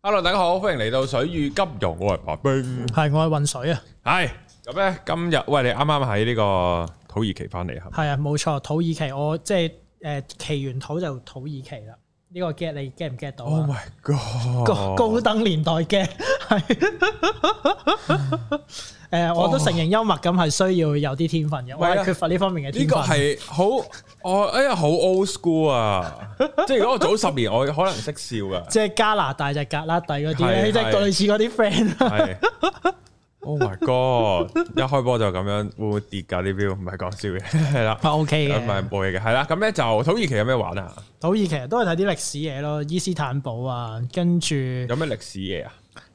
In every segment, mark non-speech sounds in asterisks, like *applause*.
hello，大家好，歡迎嚟到水與金融，我係白兵，係我係渾水啊，係咁咧，今日喂你啱啱喺呢個土耳其翻嚟啊，係啊，冇錯，土耳其我即係誒、奇、呃、完土就土耳其啦。呢個 get 你 get 唔 get 到？Oh my god！高登年代 get 係，誒、 *laughs* 呃，我都承認幽默感係需要有啲天分嘅，我係缺乏呢方面嘅天分。呢、這個係好，我、 *laughs* 哦、哎呀，好 old school 啊！ *laughs* 即係如果我早十年，我可能識笑噶。即係加拿大就格拉底嗰啲咧，即係 *laughs* 的類似嗰啲 friend。的 *laughs* Oh my god！ *laughs* 一開波就咁樣，會唔會跌噶呢邊？唔係講笑嘅，係啦，ok 嘅，唔係冇嘢嘅，係啦。 *laughs* 咁咧就土耳其有咩玩啊？土耳其都係睇啲歷史嘢咯，伊斯坦堡啊，跟住有咩歷史嘢啊？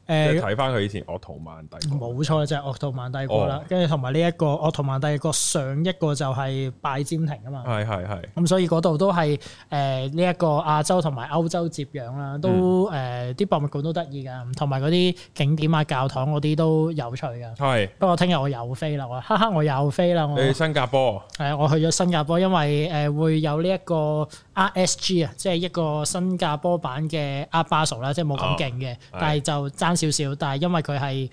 誒睇翻佢以前奧，呃，圖曼帝國，冇錯，就係、是，奧圖曼帝國，哦這個啦，跟住同埋呢一個奧圖曼帝國上一個就係拜占庭啊嘛，係係係，咁所以嗰度都係誒呢一個亞洲同埋歐洲接壤啦，都誒啲，嗯呃，博物館都得意噶，同埋嗰啲景點啊，教堂嗰啲都有趣噶，係。不過聽日我又飛啦，我哈哈我又飛啦，我去新加坡係啊，我去咗新加坡，加坡因為誒，呃，會有呢一個 RSG 啊，即係一個新加坡版嘅阿巴索啦，即係冇咁勁嘅，但係就少少，但係因為佢係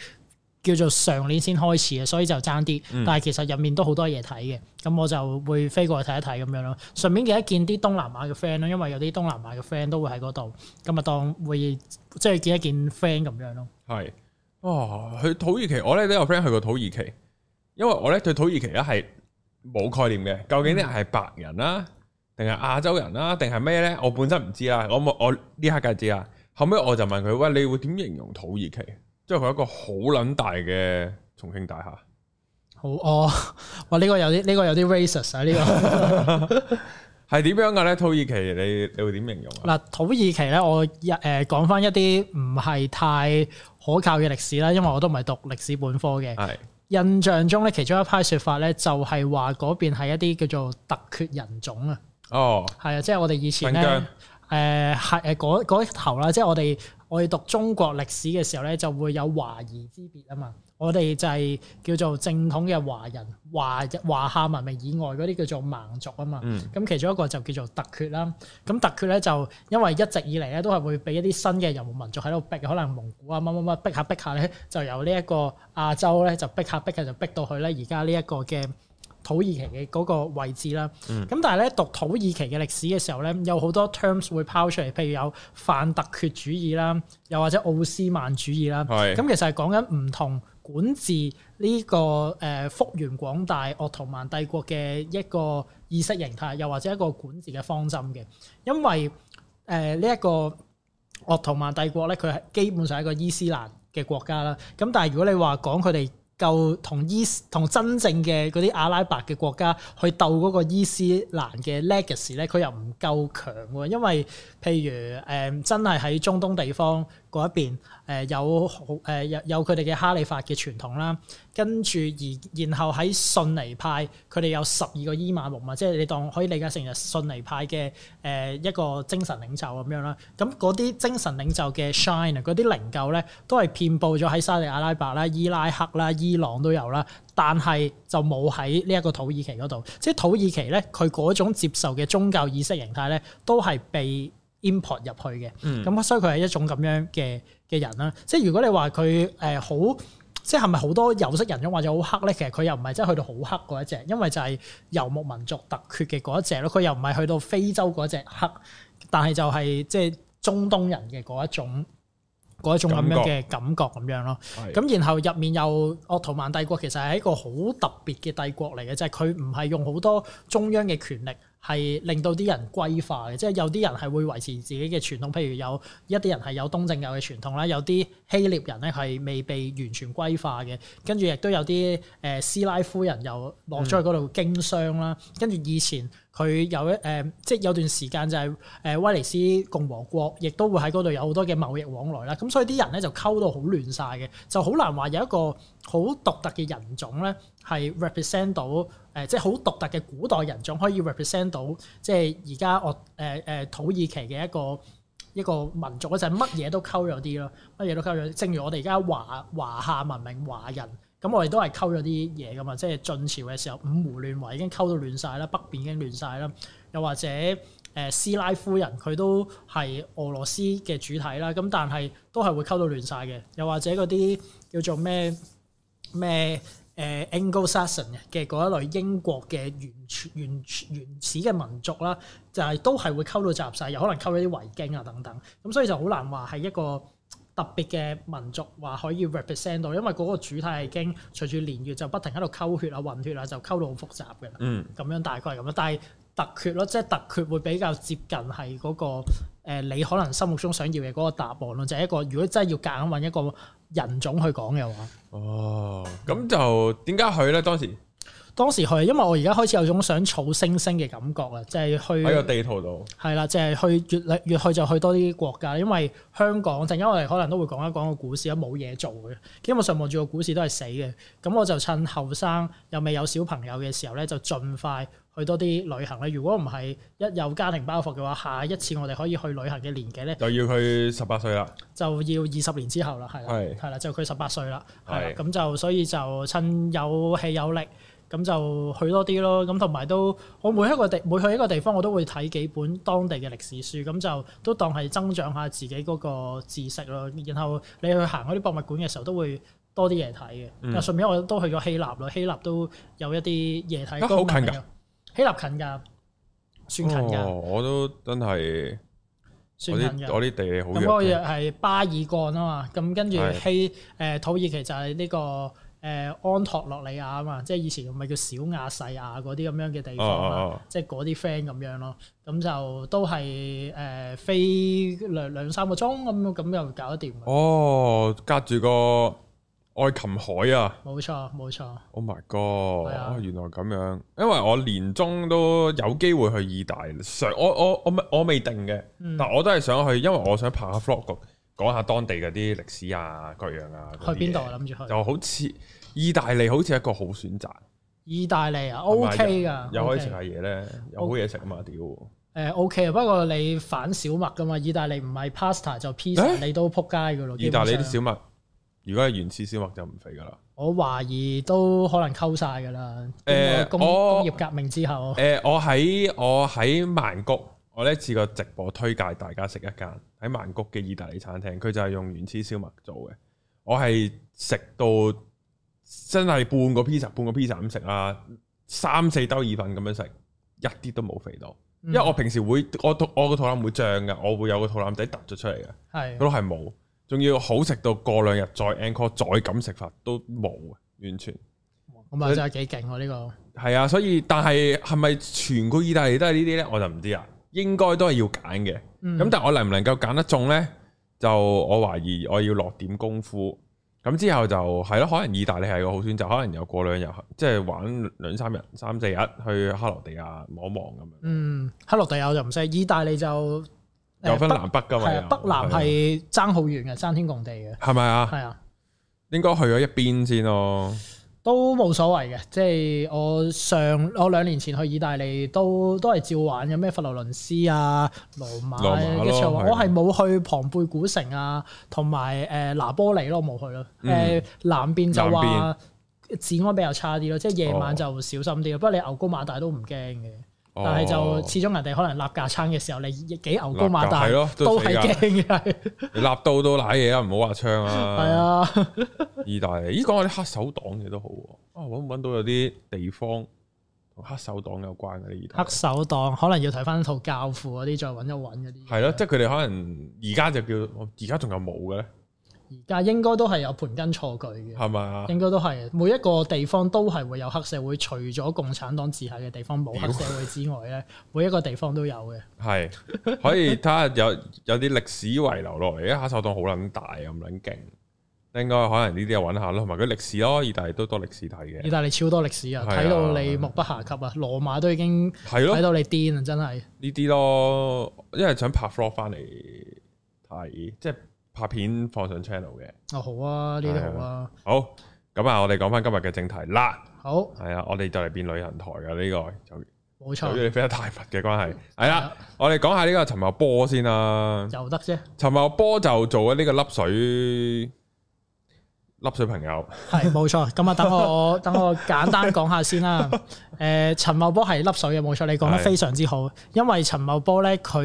叫做上年先開始嘅，所以就爭啲。但係其實入面都好多嘢睇嘅，咁我就會飛過去睇一睇咁樣咯。順便見一見啲東南亞嘅 friend 咯，因為有啲東南亞嘅 friend 都會喺嗰度，咁啊當會即係、就是，見一見 friend 咁樣咯。係，哦，去土耳其，我咧都有 friend 去過土耳其，因為我咧對土耳其咧係冇概念嘅，究竟咧係白人啦、啊，定係亞洲人啦、啊，定係咩咧？我本身唔知啊，我我呢刻梗係知啊。後尾我就問佢：喂，你會點形容土耳其？即係佢一個好撚大嘅重慶大廈。好哦，哇！呢、這個有啲，呢、這個有啲 racist 啊！ *laughs* *laughs* 呢個係點樣嘅咧？土耳其，你你會點形容啊？嗱，土耳其咧，我、呃、一誒講返一啲唔係太可靠嘅歷史啦，因為我都唔係讀歷史本科嘅。係是。印象中咧，其中一派説法咧，就係話嗰邊係一啲叫做突厥人種啊。哦。係啊，即係我哋以前咧。誒係誒嗰頭啦，即係我哋我哋讀中國歷史嘅時候咧，就會有華夷之別啊嘛。我哋就係叫做正統嘅華人，華華夏文明以外嗰啲叫做蠻族啊嘛。咁、嗯、其中一個就叫做突厥啦。咁突厥咧就因為一直以嚟咧都係會俾一啲新嘅游牧民族喺度逼，可能蒙古啊乜乜乜逼下逼下咧，就由呢一個亞洲咧就逼下逼下就逼到去咧而家呢一個嘅土耳其嘅嗰個位置啦，咁、嗯、但係咧讀土耳其嘅歷史嘅時候咧，有好多 terms 會拋出嚟，譬如有泛特厥主義啦，又或者奧斯曼主義啦，咁、嗯、其實，係講緊唔同管治呢個誒復原廣大鄂圖曼帝國嘅一個意識形態，又或者一個管治嘅方針嘅，因為誒呢一個，鄂圖曼帝國咧，佢係基本上係一個伊斯蘭嘅國家啦，咁但係如果你話講佢哋。夠同伊同真正嘅嗰啲阿拉伯嘅國家去鬥嗰個伊斯蘭嘅 legacy 咧，佢又唔夠強喎，因為譬如誒、嗯、真係喺中東地方。嗰一邊，誒、呃、有好、呃、有有佢哋嘅哈里法嘅傳統啦，跟住而然後喺遜尼派，佢哋有十二個伊瑪目嘛，即係你當可以理解成係遜尼派嘅誒、呃、一個精神領袖咁樣啦。咁嗰啲精神領袖嘅 shrine，嗰啲靈柩咧，都係遍佈咗喺沙地阿拉伯啦、伊拉克啦、伊朗都有啦，但係就冇喺呢一個土耳其嗰度。即係土耳其咧，佢嗰種接受嘅宗教意識形態咧，都係被 Import 入去嘅，咁、嗯、所以佢係一種咁樣嘅嘅人啦。嗯、即係如果你話佢誒好，即係係咪好多有色人種或者好黑咧？其實佢又唔係真係去到好黑嗰一隻，因為就係遊牧民族特徵嘅嗰一隻咯。佢又唔係去到非洲嗰隻黑，但係就係即係中東人嘅嗰一種，嗰一種咁樣嘅感覺咁樣咯。咁的然後入面又鄂圖曼帝國其實係一個好特別嘅帝國嚟嘅，就係佢唔係用好多中央嘅權力。係令到啲人歸化嘅，即係有啲人係會維持自己嘅傳統，譬如有一啲人係有東正教嘅傳統啦，有啲希臘人咧係未被完全歸化嘅，跟住亦都有啲誒、呃、斯拉夫人又落咗去嗰度經商啦，跟住、嗯、以前。佢有一誒、呃，即係有段時間就係、是、誒、呃、威尼斯共和國，亦都會喺嗰度有好多嘅貿易往來啦。咁所以啲人咧就溝到好亂晒嘅，就好難話有一個好獨特嘅人種咧係 represent 到誒、呃，即係好獨特嘅古代人種可以 represent 到，即係而家我誒誒土耳其嘅一個一個民族，就係乜嘢都溝咗啲咯，乜嘢都溝咗。正如我哋而家華華夏文明華人。咁我哋都係溝咗啲嘢噶嘛，即係晉朝嘅時候五胡亂華已經溝到亂晒啦，北邊已經亂晒啦。又或者誒、呃、斯拉夫人佢都係俄羅斯嘅主體啦，咁但係都係會溝到亂晒嘅。又或者嗰啲叫做咩咩誒 Anglo-Saxon 嘅嗰一類英國嘅原原原原始嘅民族啦，就係、是、都係會溝到雜晒，又可能溝咗啲維京啊等等。咁所以就好難話係一個。特別嘅民族話可以 represent 到，因為嗰個主題已經隨住年月就不停喺度溝血啊、混血啊，就溝到好複雜嘅。嗯，咁樣大概咁樣，但係特決咯，即係特決會比較接近係嗰個，呃，你可能心目中想要嘅嗰個答案咯，就係一個如果真係要夾硬揾一個人種去講嘅話。哦，咁就點解佢咧當時？當時去，因為我而家開始有種想儲星星嘅感覺啊，即係、是、去喺個地圖度。係啦，即、就、係、是、去越嚟越，越去就去多啲國家，因為香港陣間我哋可能都會講一講個股市啊，冇嘢做嘅，基本上望住個股市都係死嘅。咁我就趁後生又未有小朋友嘅時候咧，就盡快去多啲旅行咧。如果唔係一有家庭包袱嘅話，下一次我哋可以去旅行嘅年紀咧是，就要佢十八歲啦，就要二十年之後啦，係啦的，係啦，就佢十八歲啦，係啦，咁就所以就趁有氣有力。咁就去多啲咯，咁同埋都我每一個地每去一個地方，我都會睇幾本當地嘅歷史書，咁就都當係增長下自己嗰個知識咯。然後你去行嗰啲博物館嘅時候，都會多啲嘢睇嘅。咁順便我都去咗希臘啦，希臘都有一啲嘢睇。咁好近㗎，希臘近㗎，算近㗎。我都真係算近㗎。我啲地好遠嘅。咁我係巴爾幹啊嘛，咁跟住希誒土耳其就係呢個。誒、呃、安托諾利亞啊嘛，即係以前咪叫小亞細亞嗰啲咁樣嘅地方啦，哦哦、即係嗰啲 friend 咁樣咯，咁就都係誒、呃、飛兩兩三個鐘咁，咁又搞得掂。哦，隔住個愛琴海啊！冇錯，冇錯。Oh my god！的、哦、原來咁樣，因為我年中都有機會去意大，上我我我我未定嘅，嗯、但我都係想去，因為我想拍下 vlog。講下當地嗰啲歷史啊，各樣啊，去邊度諗住去？就好似意大利，好似係一個好選擇。意大利啊，OK 噶，又可以食下嘢咧，有好嘢食啊嘛！屌，誒 OK，啊。不過你反小麥噶嘛？意大利唔係 pasta 就 pizza，你都撲街噶咯。意大利啲小麥，如果係原始小麥就唔肥噶啦。我懷疑都可能溝晒噶啦。誒，工工業革命之後，誒，我喺我喺曼谷。我呢次個直播推介大家食一間喺曼谷嘅意大利餐廳，佢就係用原始小麥做嘅。我係食到真係半個 pizza 半個 pizza 咁食啦，三四兜意粉咁樣食，一啲都冇肥到。嗯、因為我平時會我我個肚腩會脹噶，我會有個肚腩仔凸咗出嚟嘅，係的，都係冇。仲要好食到過兩日再 encore 再咁食法都冇，完全。咁啊真係幾勁喎呢個。係啊，所以但係係咪全個意大利都係呢啲咧？我就唔知啊。應該都係要揀嘅，咁、嗯、但係我能唔能夠揀得中呢？就我懷疑我要落點功夫。咁之後就係咯，可能意大利係個好選擇，可能有過兩日即係玩兩三日、三四日去克羅地亞望一望咁樣。看看嗯，克羅地亞我就唔識，意大利就有分南北噶嘛北、係啊。北南係爭好遠嘅，爭天共地嘅。係咪啊？係啊，應該去咗一邊先咯。都冇所謂嘅，即係我上我兩年前去意大利都都係照玩嘅，咩佛羅倫斯啊、羅馬，啊，跟住我我係冇去龐貝古城啊，同埋誒拿波里咯，冇、呃、去咯。誒、嗯、南邊就話邊治安比較差啲咯，即係夜晚就小心啲咯。哦、不過你牛高馬大都唔驚嘅。但係就始終人哋可能立架撐嘅時候，你亦幾牛高馬大，係咯，都係驚嘅。立架 *laughs* 你立到都瀨嘢啦，唔好話槍啦。係啊，意大利咦？講下啲黑手黨嘅都好啊！搵唔搵到有啲地方同黑手黨有關嘅啲？黑手黨可能要睇翻套教父嗰啲，再搵一搵啲、啊。係咯，即係佢哋可能而家就叫，而家仲有冇嘅咧？而家應該都係有盤根錯節嘅，係咪啊？應該都係，每一個地方都係會有黑社會。除咗共產黨治下嘅地方冇黑社會之外咧， *laughs* 每一個地方都有嘅。係，可以睇下有有啲歷史遺留落嚟。一下，黑手黨好撚大咁撚勁，應該可能呢啲又揾下咯。同埋佢歷史咯，意大利都多歷史睇嘅。意大利超多歷史啊，睇的到你目不暇給啊，羅馬都已經睇到你癲啊，的真係呢啲咯。因為想拍 vlog 翻嚟睇，即係。拍片放上 channel 嘅、哦，啊好啊呢啲好啊，好啊，咁啊我哋講翻今日嘅正題啦，好，係啊好，我哋就嚟變旅行台嘅呢、呢個，冇錯，因為錯飛得太密嘅關係，係啦，的我哋講下呢個陳茂波先啦，就得啫，陳茂波就做咗呢個笠水。笠水朋友係冇 *laughs* 錯，咁啊等我等我，我簡單講下先啦。誒、 *laughs* 呃，陳茂波係笠水嘅冇錯，你講得非常之好。是的 因為陳茂波咧，佢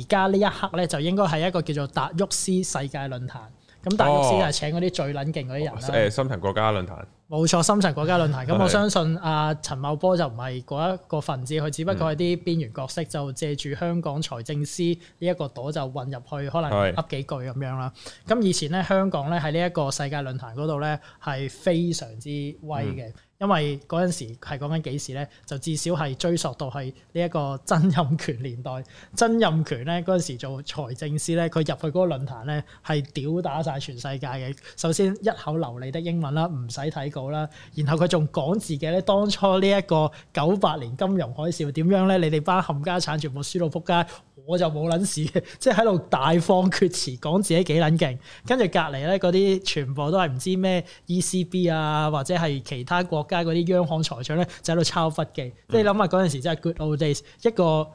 而家呢一刻咧，就應該係一個叫做達沃斯世界論壇。咁大係，公司就係請嗰啲最撚勁嗰啲人啦。誒、哦哦，深層國家論壇。冇錯，深層國家論壇。咁 *laughs* 我相信阿陳茂波就唔係嗰一個分子，佢只不過係啲邊緣角色，就借住香港財政司呢一個朵就混入去，可能噏幾句咁樣啦。咁是以前咧，香港咧喺呢一個世界論壇嗰度咧，係非常之威嘅。嗯。因為嗰陣時係講緊幾時咧，就至少係追溯到係呢一個曾蔭權年代。曾蔭權咧嗰陣時做財政司咧，佢入去嗰個論壇咧係屌打晒全世界嘅。首先一口流利的英文啦，唔使睇稿啦，然後佢仲講自己咧當初呢一個九八年金融海嘯點樣咧，你哋班冚家產全部輸到仆街，我就冇撚事嘅，即係喺度大放厥詞，講自己幾撚勁。跟住隔離咧嗰啲全部都係唔知咩 ECB 啊，或者係其他國。街嗰啲央行財長咧就喺度抄筆記，即係諗下嗰陣時真係 good old days，一個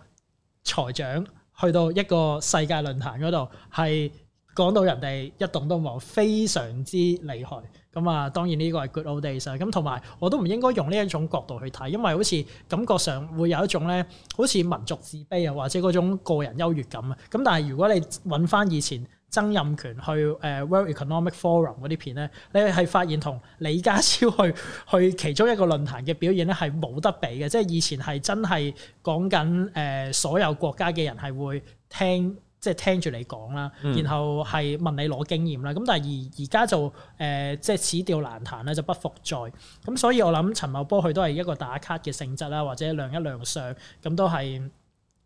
財長去到一個世界論壇嗰度係講到人哋一動都冇，非常之厲害。咁啊，當然呢個係 good old days 啦。咁同埋我都唔應該用呢一種角度去睇，因為好似感覺上會有一種咧，好似民族自卑啊，或者嗰種個人優越感啊。咁但係如果你揾翻以前曾蔭權去誒 World Economic Forum 嗰啲片咧，你係發現同李家超去去其中一個論壇嘅表現咧，係冇得比嘅。即係以前係真係講緊誒所有國家嘅人係會聽，即係聽住你講啦，然後係問你攞經驗啦。咁但係而而家就誒、呃、即係此調難彈咧，就不復再。咁所以我諗陳茂波佢都係一個打卡嘅性質啦，或者亮一亮相咁都係。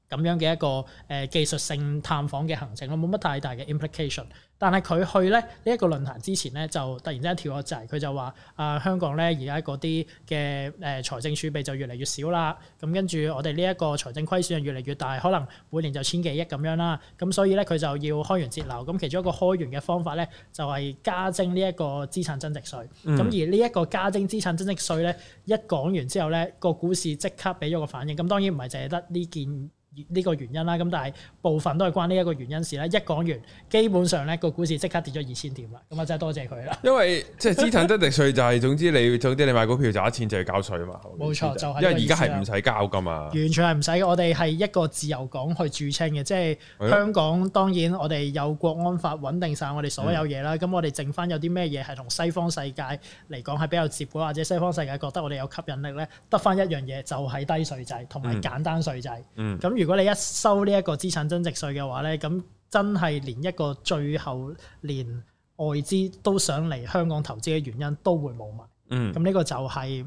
咁樣嘅一個誒、呃、技術性探訪嘅行程咯，冇乜太大嘅 implication。但係佢去咧呢一、這個論壇之前咧，就突然之間跳咗掣，佢就話、是、啊、呃、香港咧而家嗰啲嘅誒財政儲備就越嚟越少啦。咁、嗯、跟住我哋呢一個財政虧損就越嚟越大，可能每年就千幾億咁樣啦。咁、嗯、所以咧佢就要開源節流。咁、嗯、其中一個開源嘅方法咧，就係、是、加徵呢一個資產增值稅。咁、嗯、而呢一個加徵資產增值稅咧，一講完之後咧，個股市即刻俾咗個反應。咁當然唔係淨係得呢件。呢個原因啦，咁但係部分都係關呢一個原因事咧。一講完，基本上咧個股市即刻跌咗二千點啦。咁啊真係多謝佢啦。因為即係資產增值稅就係、是、 *laughs* 總之你總之你買股票賺錢就要交稅啊嘛。冇錯，就係、是、因為而家係唔使交噶嘛。完全係唔使我哋係一個自由港去註冊嘅，即係香港、嗯、當然我哋有國安法穩定晒我哋所有嘢啦。咁、嗯、我哋剩翻有啲咩嘢係同西方世界嚟講係比較接軌，或者西方世界覺得我哋有吸引力咧，得翻一樣嘢就係低稅制同埋簡單稅制。咁如、嗯嗯如果你一收呢一個資產增值稅嘅話咧，咁真係連一個最後連外資都想嚟香港投資嘅原因都會冇埋。嗯，咁呢個就係。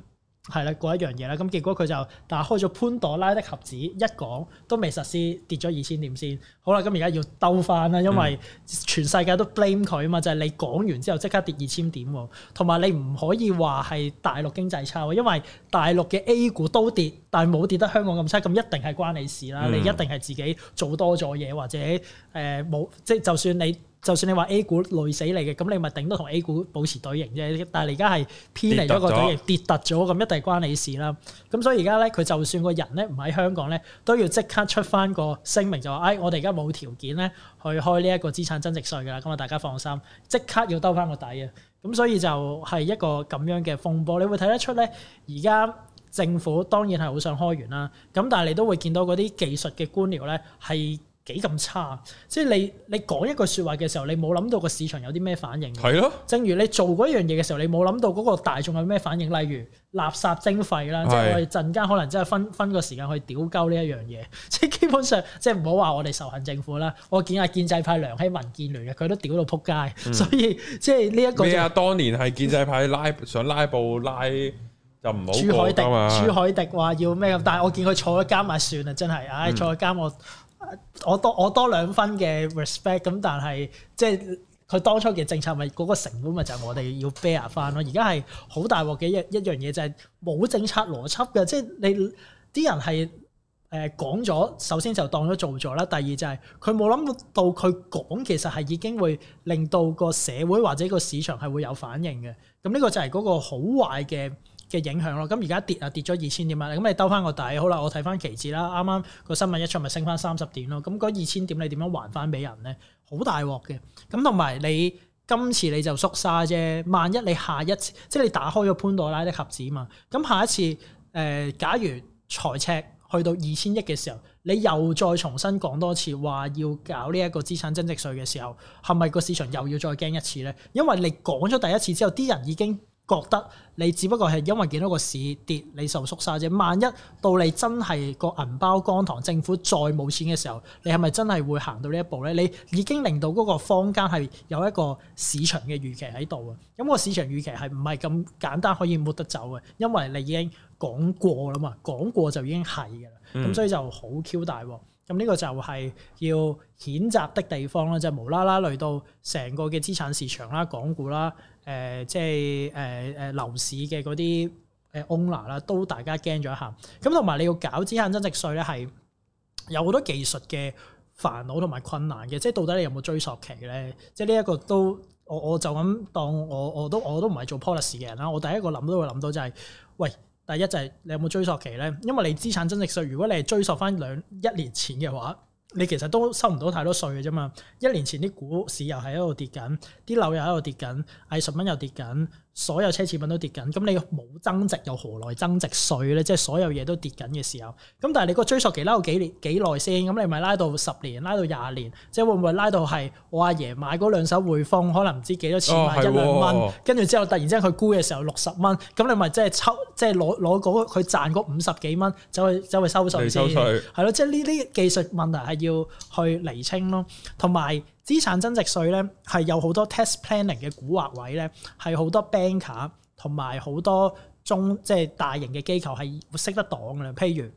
係啦，嗰一樣嘢啦，咁結果佢就打開咗潘朵拉的盒子，一講都未實施，跌咗二千點先。好啦，咁而家要兜翻啦，因為全世界都 blame 佢啊嘛，就係、是、你講完之後即刻跌二千點喎，同埋你唔可以話係大陸經濟差喎，因為大陸嘅 A 股都跌，但係冇跌得香港咁差，咁一定係關你事啦。嗯、你一定係自己做多咗嘢，或者誒冇、呃，即係就算你。就算你話 A 股累死你嘅，咁你咪頂多同 A 股保持隊形啫。但係你而家係偏離咗個隊形，跌突咗咁，一定關你事啦。咁所以而家咧，佢就算個人咧唔喺香港咧，都要即刻出翻個聲明，就話：哎，我哋而家冇條件咧去開呢一個資產增值稅㗎啦。咁啊，大家放心，即刻要兜翻個底啊。咁所以就係一個咁樣嘅風波。你會睇得出咧，而家政府當然係好想開源啦。咁但係你都會見到嗰啲技術嘅官僚咧係，幾咁差，即係你你講一句說話嘅時候，你冇諗到個市場有啲咩反應。係咯的，正如你做嗰樣嘢嘅時候，你冇諗到嗰個大眾有咩反應。例如垃圾徵費啦，的即係我哋陣間可能真係分分個時間去屌鳩呢一樣嘢。即係基本上，即係唔好話我哋仇恨政府啦。我見阿建制派梁熙民建聯嘅，佢都屌到撲街。所以即係呢一個、就是，咩啊？當年係建制派拉想拉布拉就唔好朱凱迪，啊、朱凱迪話要咩咁，但係我見佢坐咗監咪算啦，真係，唉，坐咗監我。我我我多我多兩分嘅 respect，咁但係即係佢當初嘅政策咪嗰個成本咪就係我哋要 bear 翻咯。而家係好大鑊嘅一一樣嘢就係冇政策邏輯嘅，即係你啲人係誒講咗，首先就當咗做咗啦。第二就係佢冇諗到佢講其實係已經會令到個社會或者個市場係會有反應嘅。咁呢個就係嗰個好壞嘅。嘅影響咯，咁而家跌啊跌咗二千點啦，咁你兜翻個底好啦，我睇翻期指啦，啱啱個新聞一出咪升翻三十點咯，咁嗰二千點你點樣還翻俾人咧？好大鑊嘅，咁同埋你今次你就縮沙啫，萬一你下一次即係你打開咗潘多拉的盒子啊嘛，咁下一次誒、呃，假如財赤去到二千億嘅時候，你又再重新講多次話要搞呢一個資產增值稅嘅時候，係咪個市場又要再驚一次咧？因為你講咗第一次之後，啲人已經。覺得你只不過係因為見到個市跌，你受縮晒啫。萬一到你真係個銀包乾塘，政府再冇錢嘅時候，你係咪真係會行到呢一步咧？你已經令到嗰個坊間係有一個市場嘅預期喺度啊。咁、個市場預期係唔係咁簡單可以抹得走嘅？因為你已經講過啦嘛，講過就已經係嘅啦。咁、嗯、所以就好 Q 大鑊。咁呢個就係要譴責的地方啦，就是、無啦啦累到成個嘅資產市場啦、港股啦、誒、呃、即係誒誒樓市嘅嗰啲誒 owner 啦，都大家驚咗一下。咁同埋你要搞資產增值稅咧，係有好多技術嘅煩惱同埋困難嘅，即係到底你有冇追溯期咧？即係呢一個都我我就咁當我我都我都唔係做 policy 嘅人啦，我第一個諗都會諗到就係、是、喂。第一就係你有冇追溯期咧？因為你資產增值稅，如果你係追溯翻兩一年前嘅話，你其實都收唔到太多稅嘅啫嘛。一年前啲股市又喺度跌緊，啲樓又喺度跌緊，二十蚊又跌緊。所有奢侈品都跌緊，咁你冇增值又何來增值稅咧？即係所有嘢都跌緊嘅時候，咁但係你個追溯期拉到幾年幾耐先？咁你咪拉到十年，拉到廿年，即係會唔會拉到係我阿爺，爺買嗰兩手匯豐可能唔知幾多錢買一兩蚊，跟住、哦哦、之後突然之間佢沽嘅時候六十蚊，咁你咪即係抽即係攞攞佢賺嗰五十幾蚊走去走去收稅先，係咯？即係呢啲技術問題係要去釐清咯，同埋。資產增值稅咧，係有好多 tax planning 嘅蠱惑位，咧係好多 banker，同埋好多中即係大型嘅機構係會識得擋嘅。譬如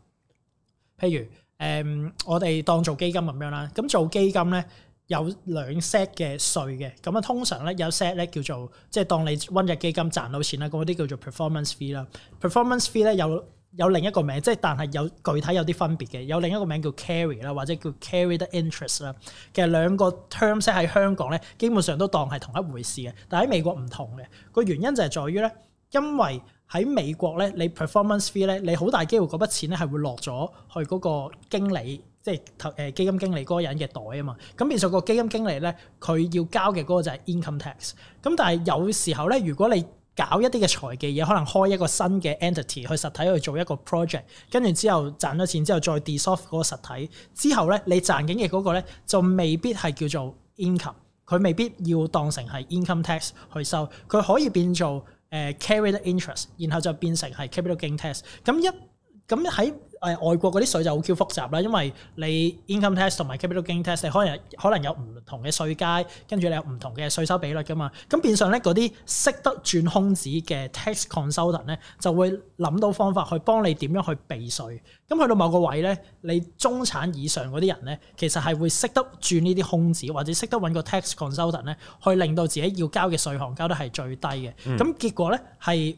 譬如誒、嗯、我哋當做基金咁樣啦，咁做基金咧有兩 set 嘅稅嘅，咁啊通常咧有 set 咧叫做即係當你揾日基金賺到錢啦，嗰啲叫做 performance fee 啦，performance fee 咧有。有另一個名，即係但係有具體有啲分別嘅，有另一個名叫 carry 啦，或者叫 carried interest 啦。其實兩個 terms 喺香港咧，基本上都當係同一回事嘅，但喺美國唔同嘅。個原因就係在於咧，因為喺美國咧，你 performance fee 咧，你好大機會嗰筆錢咧係會落咗去嗰個經理，即係投基金經理嗰個人嘅袋啊嘛。咁變咗個基金經理咧，佢要交嘅嗰個就係 income tax。咁但係有時候咧，如果你搞一啲嘅財技嘢，可能開一個新嘅 entity 去實體去做一個 project，跟住之後賺咗錢之後再 dissolve 嗰個實體，之後咧你賺緊嘅嗰個咧就未必係叫做 income，佢未必要當成係 income tax 去收，佢可以變做誒、呃、carried interest，然後就變成係 capital gain tax。咁一咁喺誒外國嗰啲稅就好超複雜啦，因為你 income tax 同埋 capital gain tax 可能可能有唔同嘅稅階，跟住你有唔同嘅稅收比率噶嘛。咁變相咧，嗰啲識得轉空子嘅 tax consultant 咧，就會諗到方法去幫你點樣去避稅。咁去到某個位咧，你中產以上嗰啲人咧，其實係會識得轉呢啲空子，或者識得揾個 tax consultant 咧，去令到自己要交嘅稅項交得係最低嘅。咁、嗯、結果咧係。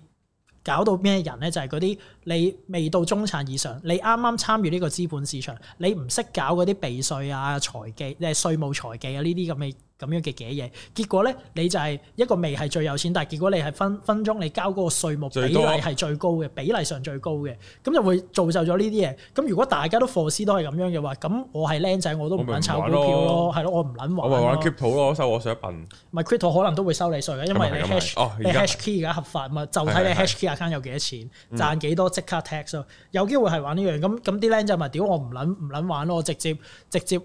搞到咩人咧？就係嗰啲你未到中產以上，你啱啱參與呢個資本市場，你唔識搞嗰啲避稅啊、財技、即係稅務財技啊呢啲咁嘅。咁樣嘅嘅嘢，結果咧你就係一個未係最有錢，但係結果你係分，分分鐘你交嗰個稅目比例係最高嘅，多比例上最高嘅，咁就會造就咗呢啲嘢。咁如果大家都貨斯都係咁樣嘅話，咁我係僆仔我都唔撚炒股票，股票咯，係咯，我唔撚玩。我玩 crypto 咯，收我稅一筆。唔係 crypto 可能都會收你稅嘅，因為你 hash,、啊、你 HK 而家合法，嘛，就睇你 HK account 有幾多錢，是是賺幾多即刻 tax 咯。嗯、有機會係玩呢樣咁咁啲僆仔咪屌我唔撚唔撚玩咯，我直接直接誒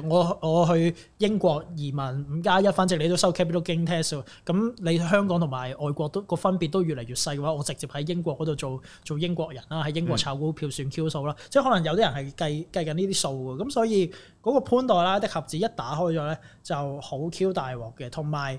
誒，我、呃、我去英國而。五加一，反正你都收 capital gains tax。咁你香港同埋外國都個分別都越嚟越細嘅話，我直接喺英國嗰度做做英國人啦，喺英國炒股票算 Q 數啦。嗯、即係可能有啲人係計計緊呢啲數嘅，咁所以嗰個潘多拉的盒子一打開咗咧，就好 Q 大鑊嘅。同埋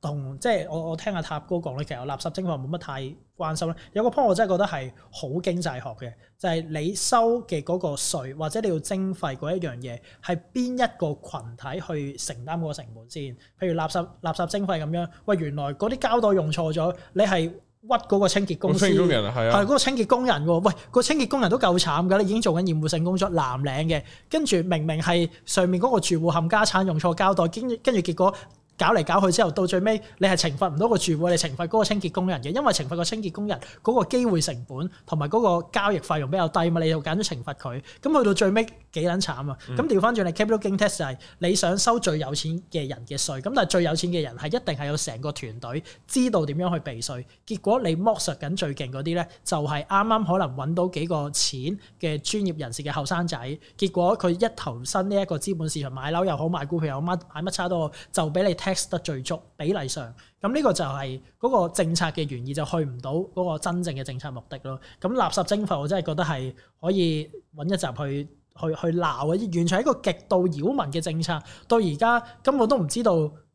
同即係我我聽阿塔哥講咧，其實垃圾徵費冇乜太。關心啦，有個 point 我真係覺得係好經濟學嘅，就係、是、你收嘅嗰個稅或者你要徵費嗰一樣嘢，係邊一個群體去承擔嗰個成本先？譬如垃圾垃圾徵費咁樣，喂，原來嗰啲膠袋用錯咗，你係屈嗰個清潔公司，係嗰、啊嗰個清潔工人喎，喂，嗰個清潔工人都夠慘㗎，你已經做緊厭惡性工作，藍領嘅，跟住明明係上面嗰個住戶冚家產用錯膠袋，跟跟住結果。搞嚟搞去之後，到最尾你係懲罰唔到個住戶，你懲罰嗰個清潔工人嘅，因為懲罰個清潔工人嗰個機會成本同埋嗰個交易費用比較低嘛，你就揀咗懲罰佢，咁去到最尾。幾撚慘啊！咁調翻轉，你 capital gain tax 就係你想收最有錢嘅人嘅稅，咁但係最有錢嘅人係一定係有成個團隊知道點樣去避稅。結果你剝削緊最勁嗰啲咧，就係啱啱可能揾到幾個錢嘅專業人士嘅後生仔。結果佢一投身呢一個資本市場，買樓又好，買股票又好，乜買乜差都好就俾你 tax 得最足比例上。咁呢個就係嗰個政策嘅原意就去唔到嗰個真正嘅政策目的咯。咁垃圾徵費我真係覺得係可以揾一集去去去鬧啊！完全係一個極度擾民嘅政策，到而家根本都唔知道。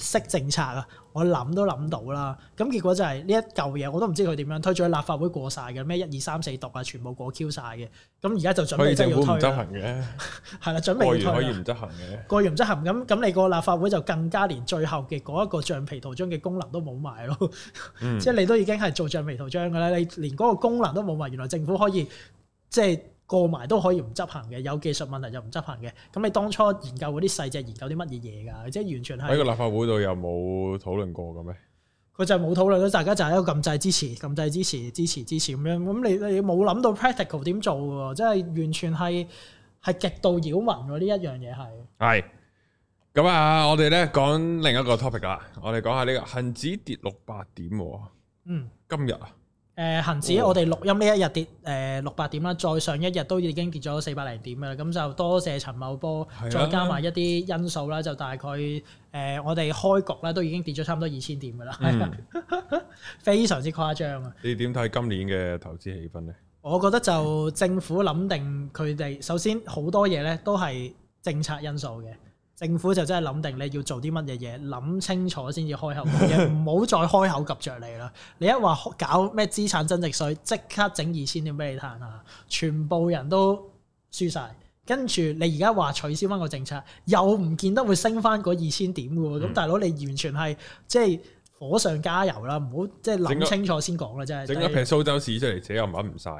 識政策啊，我諗都諗到啦。咁結果就係呢一嚿嘢，我都唔知佢點樣推咗去立法會過晒嘅咩一二三四讀啊，全部過 Q 晒嘅。咁而家就準備就 *laughs* 要推可以唔執行嘅，係啦，準備推可以唔執行嘅，過完唔執行咁咁，那你個立法會就更加連最後嘅嗰一個橡皮圖章嘅功能都冇埋咯。即係、嗯、 *laughs* 你都已經係做橡皮圖章噶啦，你連嗰個功能都冇埋，原來政府可以即係。就是過埋都可以唔執行嘅，有技術問題就唔執行嘅。咁你當初研究嗰啲細只研究啲乜嘢嘢㗎？即係完全係喺個立法會度有冇討論過嘅咩？佢就冇討論咯，大家就係一個禁制支持，禁制支持，支持支持咁樣。咁你你冇諗到 practical 點做喎？即係完全係係極度擾民喎！呢一樣嘢係係咁啊！我哋咧講另一個 topic 啊。我哋講下呢、呢個恒指跌六百點喎。嗯，今日啊。誒恆、呃、指，我哋錄音呢一日跌誒六百點啦，再上一日都已經跌咗四百零點嘅啦，咁就多謝陳茂波，啊、再加埋一啲因素啦，就大概誒、呃、我哋開局啦都已經跌咗差唔多二千點嘅啦，嗯、 *laughs* 非常之誇張啊！你點睇今年嘅投資氣氛咧？我覺得就政府諗定佢哋，首先好多嘢咧都係政策因素嘅。政府就真係諗定你要做啲乜嘢嘢，諗清楚先至開口講嘢，唔好 *laughs* 再開口及着你啦。你一話搞咩資產增值稅，即刻整二千點俾你彈下，全部人都輸晒。跟住你而家話取消翻個政策，又唔見得會升翻嗰二千點嘅喎。咁 *laughs* 大佬你完全係即係火上加油啦，唔好即係諗清楚先講啦，真係個。整、就是、一片蘇州屎出嚟，自己又揾唔晒！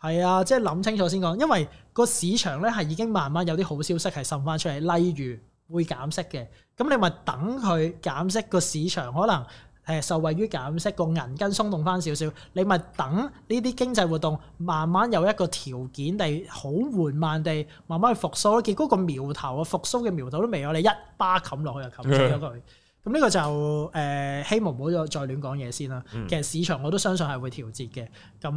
係啊，即係諗清楚先講，因為個市場咧係已經慢慢有啲好消息係滲翻出嚟，例如，會減息嘅，咁你咪等佢減息，個市場可能誒受惠於減息，個銀根鬆動返少少，你咪等呢啲經濟活動慢慢有一個條件地好緩慢地慢慢去復甦囉，結果個苗頭啊復甦嘅苗頭都未有，你一巴冚落去啊，冚死咗佢。咁呢個就誒、呃，希望唔好再再亂講嘢先啦。嗯、其實市場我都相信係會調節嘅。咁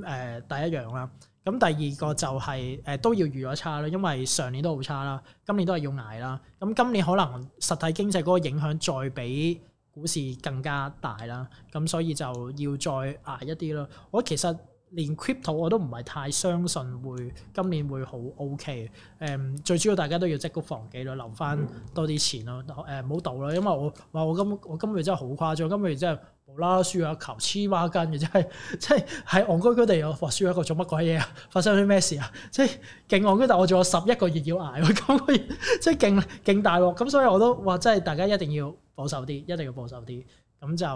誒、呃，第一樣啦。咁第二個就係、是、誒、呃、都要預咗差啦，因為上年都好差啦，今年都係要捱啦。咁今年可能實體經濟嗰個影響再比股市更加大啦。咁所以就要再捱一啲咯。我其實。連 crypto 我都唔係太相信會今年會好 OK 嘅，最主要大家都要積谷防饑咯，留翻多啲錢咯，誒唔好賭啦，因為我話我今我今個月真係好誇張，今個月真係無啦啦輸咗球黐孖筋嘅，真係即係喺戇居居地又話輸一個做乜鬼嘢啊？發生啲咩事啊？即係勁戇居，但我仲有十一個月要捱，咁樣真係勁勁大鑊，咁所以我都話即係大家一定要保守啲，一定要保守啲，咁就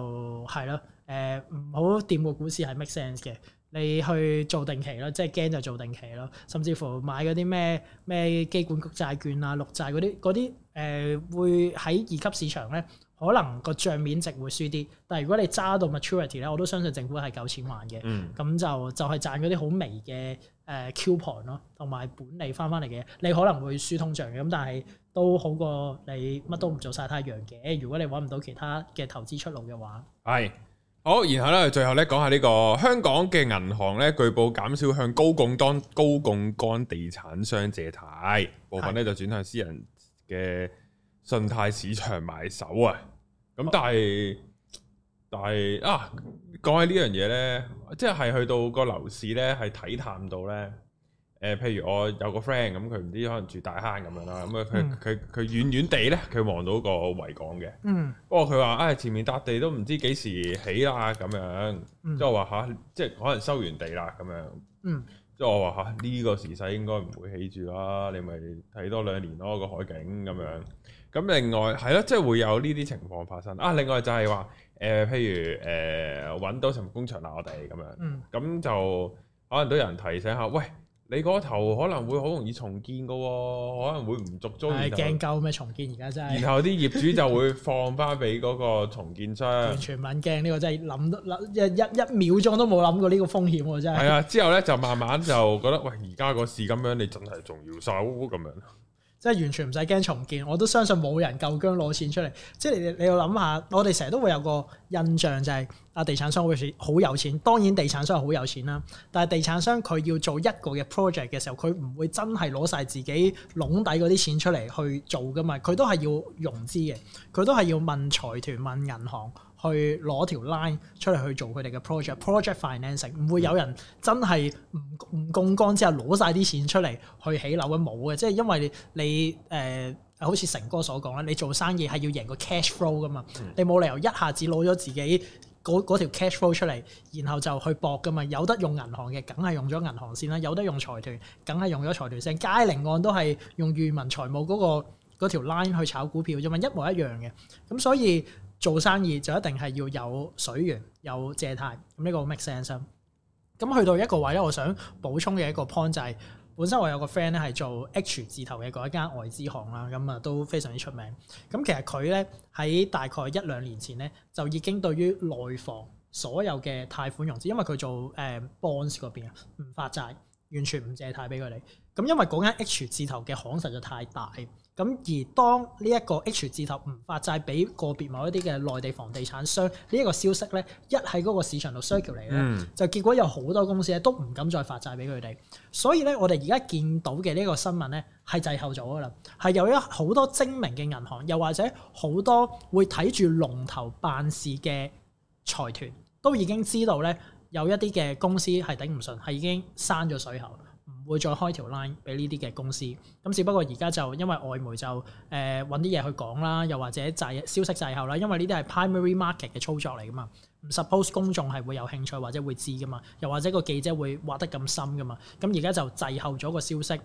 係咯，誒唔好掂個股市係 make sense 嘅。你去做定期啦，即係驚就做定期咯，甚至乎買嗰啲咩咩機管局債券啊、綠債嗰啲，啲誒、呃、會喺二級市場咧，可能個帳面值會輸啲。但係如果你揸到 maturity 咧，我都相信政府係夠錢還嘅。咁就就係賺嗰啲好微嘅誒 coupon 咯，同埋本利翻翻嚟嘅。你可能會輸通脹嘅，咁但係都好過你乜都唔做曬太陽嘅。如果你揾唔到其他嘅投資出路嘅話，係。好，然後咧，最後咧，講下呢、這個香港嘅銀行咧，據報減少向高槓當高槓桿地產商借貸，部分咧就轉向私人嘅信貸市場買手啊。咁、嗯、但係但係啊，講起呢樣嘢咧，即係去到個樓市咧，係睇淡到咧。誒、呃，譬如我有個 friend 咁，佢唔知可能住大坑咁樣啦，咁佢佢佢遠遠地咧，佢望到個維港嘅，不過佢話啊，前面笪地都唔知幾時起啦，咁樣，即係、嗯、我話嚇、啊，即係可能收完地啦，咁樣，即係、嗯、我話嚇呢個時勢應該唔會起住啦，你咪睇多兩年咯，個海景咁樣。咁另外係咯、啊，即係會有呢啲情況發生啊。另外就係話誒，譬如誒揾、呃、到成工場啦，我哋咁樣，咁就、嗯、可能都有人提醒下，喂！你嗰頭可能會好容易重建噶、哦，可能會唔續租。係驚鳩咩？重建而家真係。然後啲業主就會放翻俾嗰個重建商。 *laughs* 完全唔撚驚呢個真係諗都諗一一一秒鐘都冇諗過呢個風險喎、哦、真係。係啊，之後咧就慢慢就覺得 *laughs* 喂，而家個事咁樣你真係仲要收、啊、咁樣。即係完全唔使驚重建，我都相信冇人夠姜攞錢出嚟。即係你你要諗下，我哋成日都會有個印象就係啊，地產商會好有錢。當然地產商係好有錢啦，但係地產商佢要做一個嘅 project 嘅時候，佢唔會真係攞晒自己籠底嗰啲錢出嚟去做㗎嘛。佢都係要融資嘅，佢都係要問財團問銀行。去攞條 line 出嚟去做佢哋嘅 project，project financing，唔會有人真係唔唔槓桿之後攞晒啲錢出嚟去起樓嘅冇嘅。即係因為你誒、呃、好似成哥所講啦，你做生意係要贏個 cash flow 噶嘛，嗯、你冇理由一下子攞咗自己嗰條 cash flow 出嚟，然後就去搏噶嘛，有得用銀行嘅，梗係用咗銀行先啦，有得用財團，梗係用咗財團先，佳寧案都係用裕民財務嗰、那個條 line 去炒股票，咁咪一模一樣嘅，咁所以。做生意就一定係要有水源，有借貸，咁呢個 make sense。咁去到一個位咧，我想補充嘅一個 point 就係，本身我有個 friend 咧，係做 H 字頭嘅嗰一間外資行啦，咁啊都非常之出名。咁其實佢咧喺大概一兩年前咧，就已經對於內房所有嘅貸款融資，因為佢做誒 bonds 嗰邊啊，唔發債，完全唔借貸俾佢哋。咁因為嗰間 H 字頭嘅行實在太大。咁而當呢一個 H 字頭唔發債俾個別某一啲嘅內地房地產商呢一個消息咧，一喺嗰個市場度 circulate 咧，就結果有好多公司咧都唔敢再發債俾佢哋。所以咧我哋而家見到嘅呢個新聞咧係滯後咗噶啦，係有一好多精明嘅銀行，又或者好多會睇住龍頭辦事嘅財團，都已經知道咧有一啲嘅公司係頂唔順，係已經閂咗水喉。會再開條 line 俾呢啲嘅公司，咁只不過而家就因為外媒就誒揾啲嘢去講啦，又或者滯消息滯後啦，因為呢啲係 primary market 嘅操作嚟噶嘛，唔 suppose 公眾係會有興趣或者會知噶嘛，又或者個記者會挖得咁深噶嘛，咁而家就滯後咗個消息，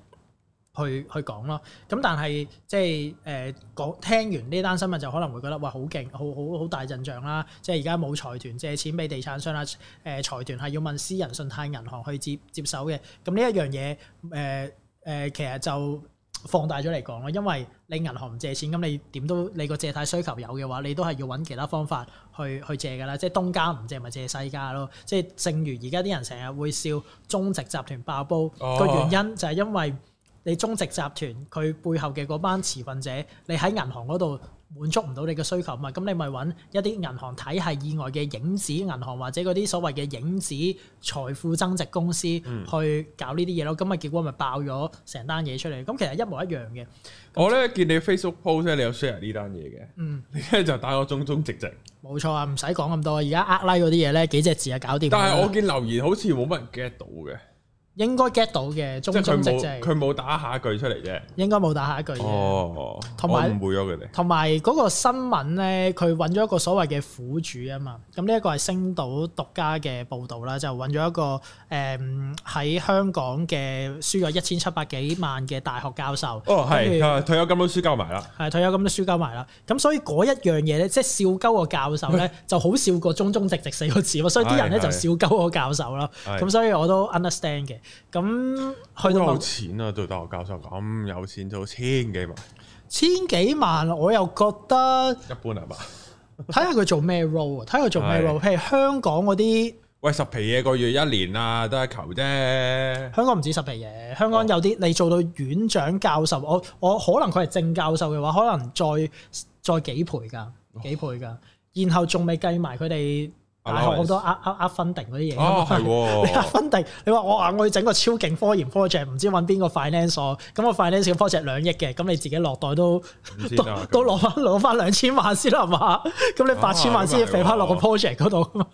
去去講咯，咁但係即係誒講聽完呢單新聞就可能會覺得哇好勁，好好好大陣仗啦！即係而家冇財團借錢俾地產商啦，誒、呃、財團係要問私人信貸銀行去接接手嘅。咁呢一樣嘢誒誒，其實就放大咗嚟講咯，因為你銀行唔借錢，咁你點都你個借貸需求有嘅話，你都係要揾其他方法去去借㗎啦。即係東家唔借咪借西家咯。即係正如而家啲人成日會笑中植集團爆煲個、oh. 原因，就係因為。你中植集團佢背後嘅嗰班持份者，你喺銀行嗰度滿足唔到你嘅需求嘛？咁你咪揾一啲銀行體系以外嘅影子銀行或者嗰啲所謂嘅影子財富增值公司去搞呢啲嘢咯。咁啊結果咪爆咗成單嘢出嚟。咁其實一模一樣嘅。樣我咧見你 Facebook post 咧，你有 share 呢單嘢嘅。嗯。你就打我中中植植。冇、嗯、錯啊，唔使講咁多。而家呃 like 嗰啲嘢咧，幾隻字啊，搞掂。但係我見留言好似冇乜人 get 到嘅。應該 get 到嘅，中中直直。即係佢冇，佢冇打下一句出嚟啫。應該冇打下一句嘅。哦，我誤會咗佢哋。同埋嗰個新聞咧，佢揾咗一個所謂嘅苦主啊嘛。咁呢一個係星島獨家嘅報導啦，就揾咗一個誒喺香港嘅輸咗一千七百幾萬嘅大學教授。哦，係，退休金都輸交埋啦。係，退休金都輸交埋啦。咁所以嗰一樣嘢咧，即係笑鳩個教授咧，就好笑過中中直直四個字咯。所以啲人咧就笑鳩個教授啦。咁所以我都 understand 嘅。咁去到冇錢啊！做大學教授咁有錢到千幾萬，千幾萬，我又覺得一般係嘛？睇下佢做咩 role 啊的？睇下佢做咩 role？譬如香港嗰啲，喂十皮嘢個月一年啊，得一球啫。香港唔止十皮嘢，香港有啲、哦、你做到院長教授，我我可能佢係正教授嘅話，可能再再幾倍噶，哦、幾倍噶，然後仲未計埋佢哋。大學好多呃呃呃分定嗰啲嘢，你分定，你話我話我要整個超勁科研 project，唔知揾邊個 finance 咁個 finance 個 project 兩億嘅，咁你自己落袋都都攞翻攞翻兩千萬先啦，係嘛？咁你八千萬先至肥翻落個 project 嗰度啊嘛，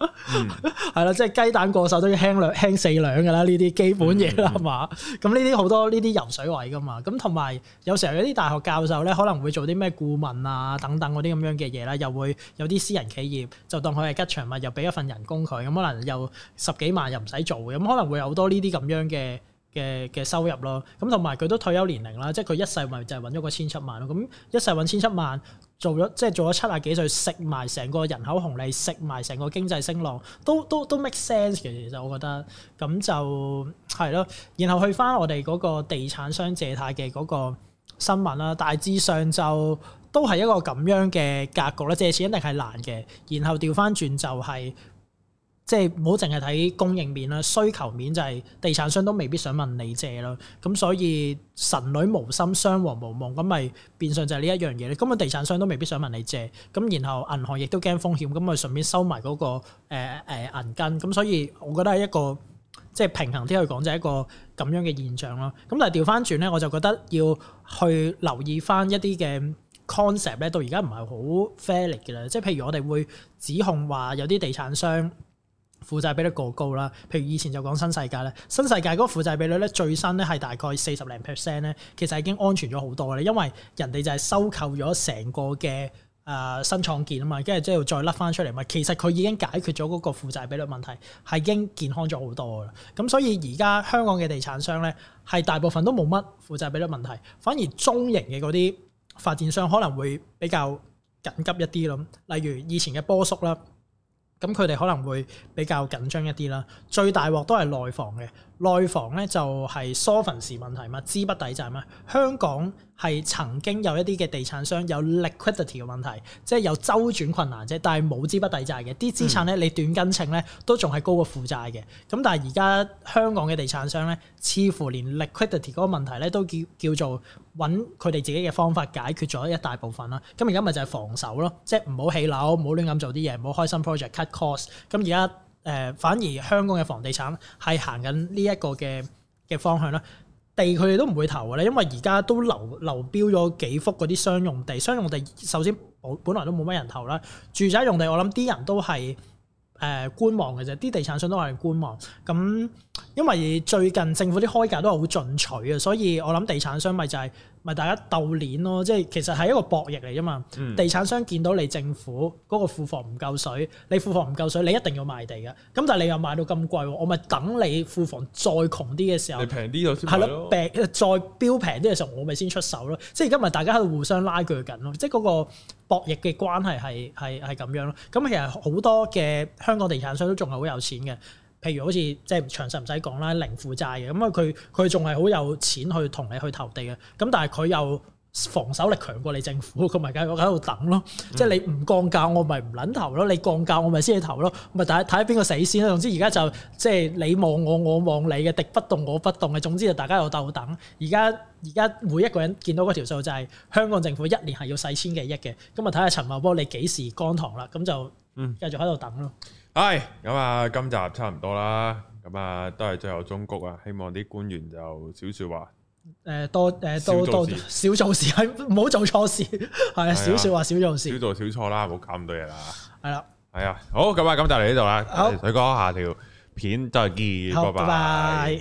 係啦， *laughs* 嗯、 *laughs* 即係雞蛋過手都要輕兩輕四兩㗎啦，呢啲基本嘢啦係嘛？咁呢啲好多呢啲油水位㗎嘛，咁同埋有時候有啲大學教授咧可能會做啲咩顧問啊等等嗰啲咁樣嘅嘢啦，又會有啲私人企業就當佢係吉祥物，又俾。一份人工佢咁可能又十幾萬又唔使做，咁可能會有好多呢啲咁樣嘅嘅嘅收入咯。咁同埋佢都退休年齡啦，即係佢一世咪就係揾咗個千七萬咯。咁一世揾千七萬，做咗即係做咗七啊幾歲，食埋成個人口紅利，食埋成個經濟升浪，都都都 make sense 嘅。其實我覺得咁就係咯。然後去翻我哋嗰個地產商借貸嘅嗰個新聞啦，大致上就。都係一個咁樣嘅格局咧，借錢一定係難嘅。然後調翻轉就係，即係唔好淨係睇供應面啦，需求面就係地產商都未必想問你借咯。咁所以神女無心襄王無夢，咁咪變相就係呢一樣嘢咧。根本，地產商都未必想問你借。咁然後銀行亦都驚風險，咁咪順便收埋嗰個誒誒銀根。咁所以我覺得係一個即係平衡啲去講，就係一個咁樣嘅現象咯。咁但係調翻轉咧，我就覺得要去留意翻一啲嘅。concept 咧到而家唔係好 fair 嚟嘅啦，即係譬如我哋會指控話有啲地產商負債比率過高啦。譬如以前就講新世界咧，新世界嗰個負債比率咧，最新咧係大概四十零 percent 咧，其實已經安全咗好多啦。因為人哋就係收購咗成個嘅誒、呃、新創建啊嘛，跟住之後再甩翻出嚟嘛，其實佢已經解決咗嗰個負債比率問題，係已經健康咗好多啦。咁所以而家香港嘅地產商咧，係大部分都冇乜負債比率問題，反而中型嘅嗰啲。發展商可能會比較緊急一啲咯，例如以前嘅波叔啦，咁佢哋可能會比較緊張一啲啦。最大鑊都係內房嘅。內房咧就係 solvency 問題嘛，資不抵債嘛。香港係曾經有一啲嘅地產商有 liquidity 嘅問題，即係有周轉困難啫，但係冇資不抵債嘅。啲資產咧你短斤秤咧都仲係高過負債嘅。咁但係而家香港嘅地產商咧，似乎連 liquidity 嗰個問題咧都叫叫做揾佢哋自己嘅方法解決咗一大部分啦。咁而家咪就係防守咯，即係唔好起樓，唔好亂咁做啲嘢，唔好開新 project、cut cost。咁而家。誒、呃，反而香港嘅房地產係行緊呢一個嘅嘅方向啦。地佢哋都唔會投嘅咧，因為而家都流流標咗幾幅嗰啲商用地，商用地首先我本來都冇乜人投啦。住宅用地我諗啲人都係誒、呃、觀望嘅啫，啲地產商都係觀望。咁、嗯、因為最近政府啲開價都係好進取嘅，所以我諗地產商咪就係、是。咪大家鬥鏈咯，即係其實係一個博弈嚟啫嘛。嗯、地產商見到你政府嗰、嗰個庫房唔夠水，你庫房唔夠水，你一定要賣地嘅。咁但係你又賣到咁貴，我咪等你庫房再窮啲嘅時候，你平啲又先賣咯。係咯。再標平啲嘅時候，我咪先出手咯。即而家咪大家喺度互相拉鋸緊咯，即係嗰個博弈嘅關係係係係咁樣咯。咁其實好多嘅香港地產商都仲係好有錢嘅。譬如好似即係唔詳細唔使講啦，零負債嘅咁啊，佢佢仲係好有錢去同你去投地嘅，咁但係佢又防守力強過你政府，佢咪繼續喺度等咯。嗯、即係你唔降價，我咪唔撚投咯；你降價，我咪先去投咯。咪睇睇邊個死先啦。總之而家就即係你望我，我望你嘅，敵不動我不動嘅。總之就大家又鬥等。而家而家每一個人見到嗰條數就係、是、香港政府一年係要洗千幾億嘅。咁啊睇下陳茂波你幾時乾塘啦？咁就繼續喺度等咯。嗯係咁啊，Hi, 今集差唔多啦，咁啊都係最後終局啊！希望啲官員就少說話，誒、呃，多誒、呃，多多少做事係，唔好做錯事，係少說話，少做事，少做少錯啦，唔好搞咁多嘢啦，係啦的，係啊，好咁啊，咁就嚟呢度啦，好，好水哥，下條片再見，拜拜。